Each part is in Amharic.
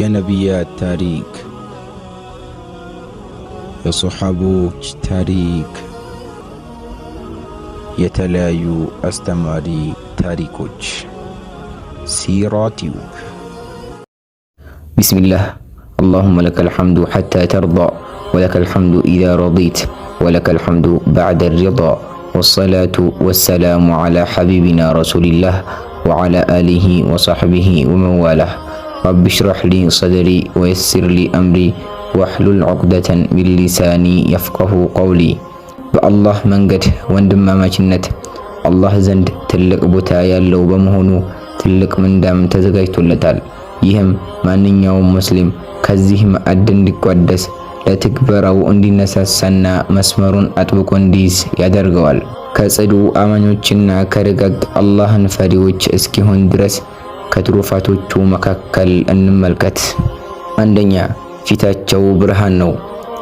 يا نبيات تاريك يا صحابوك تاريك استماري تاريكوك سيراتيوك بسم الله اللهم لك الحمد حتى ترضى ولك الحمد إذا رضيت ولك الحمد بعد الرضا والصلاة والسلام على حبيبنا رسول الله وعلى آله وصحبه ومن والاه ረቢ ሽረሕ ሊ ሰድሪ ወየስር ሊ አምሪ ወሕሉል ዑቅደተን ሚን ሊሳኒ የፍቀሁ ቀውሊ። በአላህ መንገድ ወንድማማችነት አላህ ዘንድ ትልቅ ቦታ ያለው በመሆኑ ትልቅ ምንዳም ተዘጋጅቶለታል። ይህም ማንኛውም ሙስሊም ከዚህ ማዕድ እንዲቋደስ ለትግበራው እንዲነሳሳና መስመሩን አጥብቆ እንዲይዝ ያደርገዋል። ከጽዱ አማኞችና ከረጋግ አላህን ፈሪዎች እስኪሆን ድረስ ከትሩፋቶቹ መካከል እንመልከት። አንደኛ ፊታቸው ብርሃን ነው።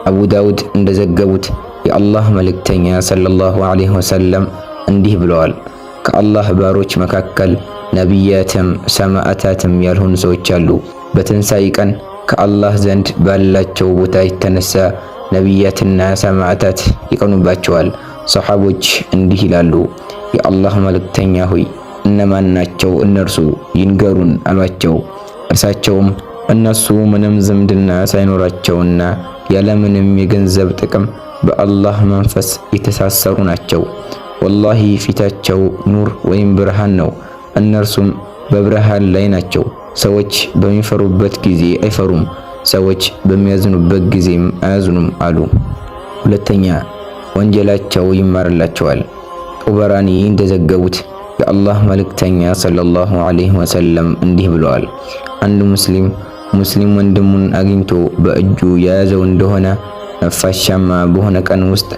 አቡ ዳውድ እንደዘገቡት የአላህ መልእክተኛ ሰለላሁ ዐለይሂ ወሰለም እንዲህ ብለዋል። ከአላህ ባሮች መካከል ነቢያትም ሰማዕታትም ያልሆኑ ሰዎች አሉ። በትንሣኤ ቀን ከአላህ ዘንድ ባላቸው ቦታ የተነሳ ነቢያትና ሰማዕታት ይቀኑባቸዋል። ሰሓቦች እንዲህ ይላሉ፣ የአላህ መልእክተኛ ሆይ እነማን ናቸው እነርሱ ይንገሩን አሏቸው። እርሳቸውም እነሱ ምንም ዝምድና ሳይኖራቸውና ያለምንም የገንዘብ ጥቅም በአላህ መንፈስ የተሳሰሩ ናቸው። ወላሂ ፊታቸው ኑር ወይም ብርሃን ነው፣ እነርሱም በብርሃን ላይ ናቸው። ሰዎች በሚፈሩበት ጊዜ አይፈሩም፣ ሰዎች በሚያዝኑበት ጊዜም አያዝኑም አሉ። ሁለተኛ ወንጀላቸው ይማርላቸዋል። ጦበራኒ እንደዘገቡት የአላህ መልእክተኛ ሰለላሁ ዐለይሂ ወሰለም እንዲህ ብለዋል። አንድ ሙስሊም ሙስሊም ወንድሙን አግኝቶ በእጁ የያዘው እንደሆነ ነፋሻማ በሆነ ቀን ውስጥ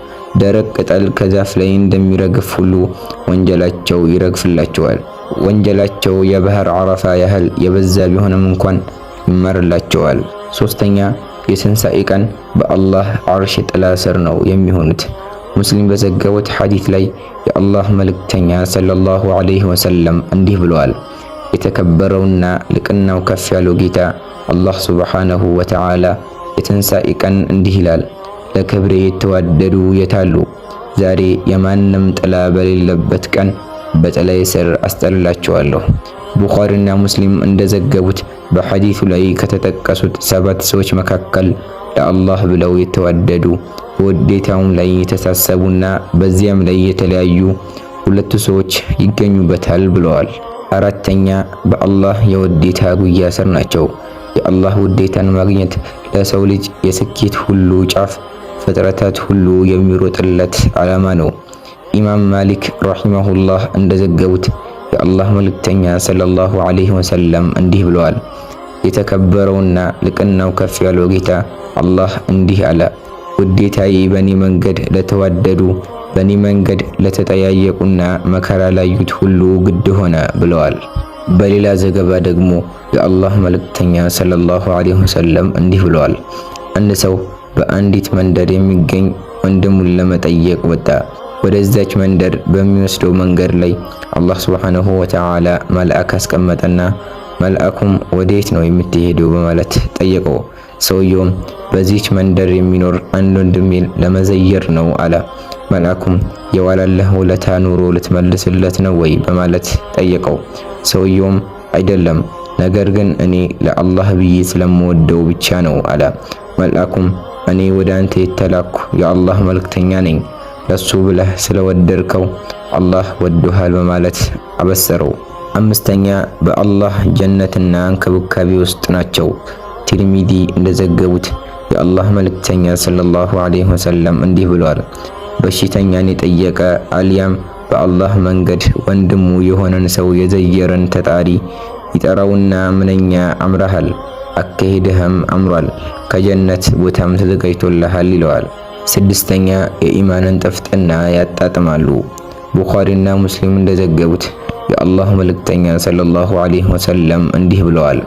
ደረቅ ቅጠል ከዛፍ ላይ እንደሚረግፍ ሁሉ ወንጀላቸው ይረግፍላቸዋል። ወንጀላቸው የባህር አረፋ ያህል የበዛ ቢሆንም እንኳን ይመርላቸዋል። ሶስተኛ የትንሣኤ ቀን በአላህ አርሽ ጥላ ስር ነው የሚሆኑት። ሙስሊም በዘገቡት ሐዲት ላይ የአላህ መልእክተኛ ሰለላሁ ዐለይሂ ወሰለም እንዲህ ብለዋል። የተከበረውና ልቅናው ከፍ ያለው ጌታ አላህ ሱብሓነሁ ወተዓላ የትንሣኤ ቀን እንዲህ ይላል፣ ለክብሬ የተዋደዱ የታሉ? ዛሬ የማንም ጥላ በሌለበት ቀን በጥላዬ ስር አስጠልላቸዋለሁ። ቡኻሪና ሙስሊም እንደዘገቡት በሐዲሱ ላይ ከተጠቀሱት ሰባት ሰዎች መካከል ለአላህ ብለው የተዋደዱ በውዴታውም ላይ የተሳሰቡና በዚያም ላይ የተለያዩ ሁለቱ ሰዎች ይገኙበታል ብለዋል። አራተኛ በአላህ የውዴታ ጉያ ስር ናቸው። የአላህ ውዴታን ማግኘት ለሰው ልጅ የስኬት ሁሉ ጫፍ፣ ፍጥረታት ሁሉ የሚሮጥለት ዓላማ ነው። ኢማም ማሊክ ረሂመሁላህ እንደዘገቡት የአላህ መልእክተኛ ሰለላሁ ዐለይሂ ወሰለም እንዲህ ብለዋል። የተከበረውና ልቅናው ከፍ ያለው ጌታ አላህ እንዲህ አለ ውዴታዬ በእኔ መንገድ ለተዋደዱ በእኔ መንገድ ለተጠያየቁና መከራ ላዩት ሁሉ ግድ ሆነ ብለዋል። በሌላ ዘገባ ደግሞ የአላህ መልእክተኛ ሰለላሁ ዐለይሂ ወሰለም እንዲህ ብለዋል። አንድ ሰው በአንዲት መንደር የሚገኝ ወንድሙን ለመጠየቅ ወጣ። ወደዛች መንደር በሚወስደው መንገድ ላይ አላህ ሱብሓነሁ ወተዓላ መልአክ አስቀመጠና መልአኩም ወዴት ነው የምትሄደው በማለት ጠየቀው። ሰውየውም በዚህች መንደር የሚኖር አንድ ወንድሜ ለመዘየር ነው አለ። መልአኩም የዋላለህ ውለታ ኑሮ ልትመልስለት ነው ወይ በማለት ጠየቀው። ሰውየውም አይደለም፣ ነገር ግን እኔ ለአላህ ብዬ ስለምወደው ብቻ ነው አለ። መልአኩም እኔ ወደ አንተ የተላኩ የአላህ መልእክተኛ ነኝ፣ ለሱ ብለህ ስለወደድከው አላህ ወዶሃል በማለት አበሰረው። አምስተኛ በአላህ ጀነትና እንክብካቤ ውስጥ ናቸው። ቲርሚዲ እንደዘገቡት የአላህ መልእክተኛ ሰለላሁ ዐለይሂ ወሰለም እንዲህ ብለዋል። በሽተኛን የጠየቀ አልያም በአላህ መንገድ ወንድሙ የሆነን ሰው የዘየረን ተጣሪ ይጠራውና ምንኛ አምራሃል፣ አካሄድህም አምሯል፣ ከጀነት ቦታም ተዘጋጅቶልሃል ይለዋል። ስድስተኛ የኢማንን ጥፍጥና ያጣጥማሉ። ቡኻሪና ሙስሊም እንደዘገቡት የአላህ መልእክተኛ ሰለላሁ ዐለይሂ ወሰለም እንዲህ ብለዋል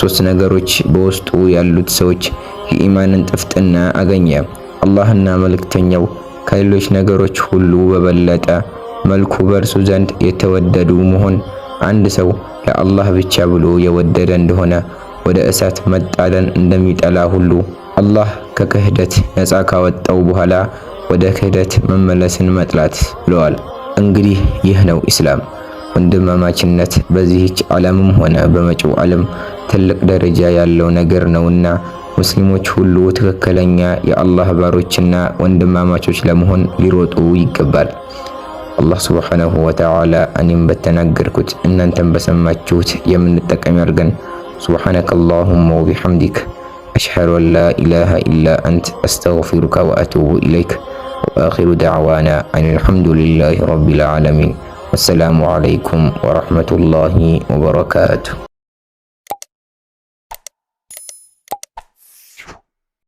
ሶስት ነገሮች በውስጡ ያሉት ሰዎች የኢማንን ጥፍጥና አገኘ። አላህና መልእክተኛው ከሌሎች ነገሮች ሁሉ በበለጠ መልኩ በእርሱ ዘንድ የተወደዱ መሆን፣ አንድ ሰው ለአላህ ብቻ ብሎ የወደደ እንደሆነ ወደ እሳት መጣደን እንደሚጠላ ሁሉ አላህ ከክህደት ነፃ ካወጣው በኋላ ወደ ክህደት መመለስን መጥላት ብለዋል። እንግዲህ ይህ ነው ኢስላም። ወንድማማችነት በዚህች ዓለምም ሆነ በመጪው ዓለም ትልቅ ደረጃ ያለው ነገር ነውና ሙስሊሞች ሁሉ ትክክለኛ የአላህ ባሮችና ወንድማማቾች ለመሆን ሊሮጡ ይገባል። አላህ ሱብሓነሁ ወተዓላ እኔም በተናገርኩት እናንተም በሰማችሁት የምንጠቀም ያድርገን። ሱብሓነከ አላሁመ ወቢሐምዲክ አሽሀዱ አን ላ ኢላሃ ኢላ አንት አስተግፊሩከ ወአቱቡ ኢለይክ ወአኺሩ ደዕዋና አን አልሐምዱሊላሂ ረቢል ዓለሚን ወሰላሙ ዓለይኩም ወረሕመቱላሂ ወበረካቱ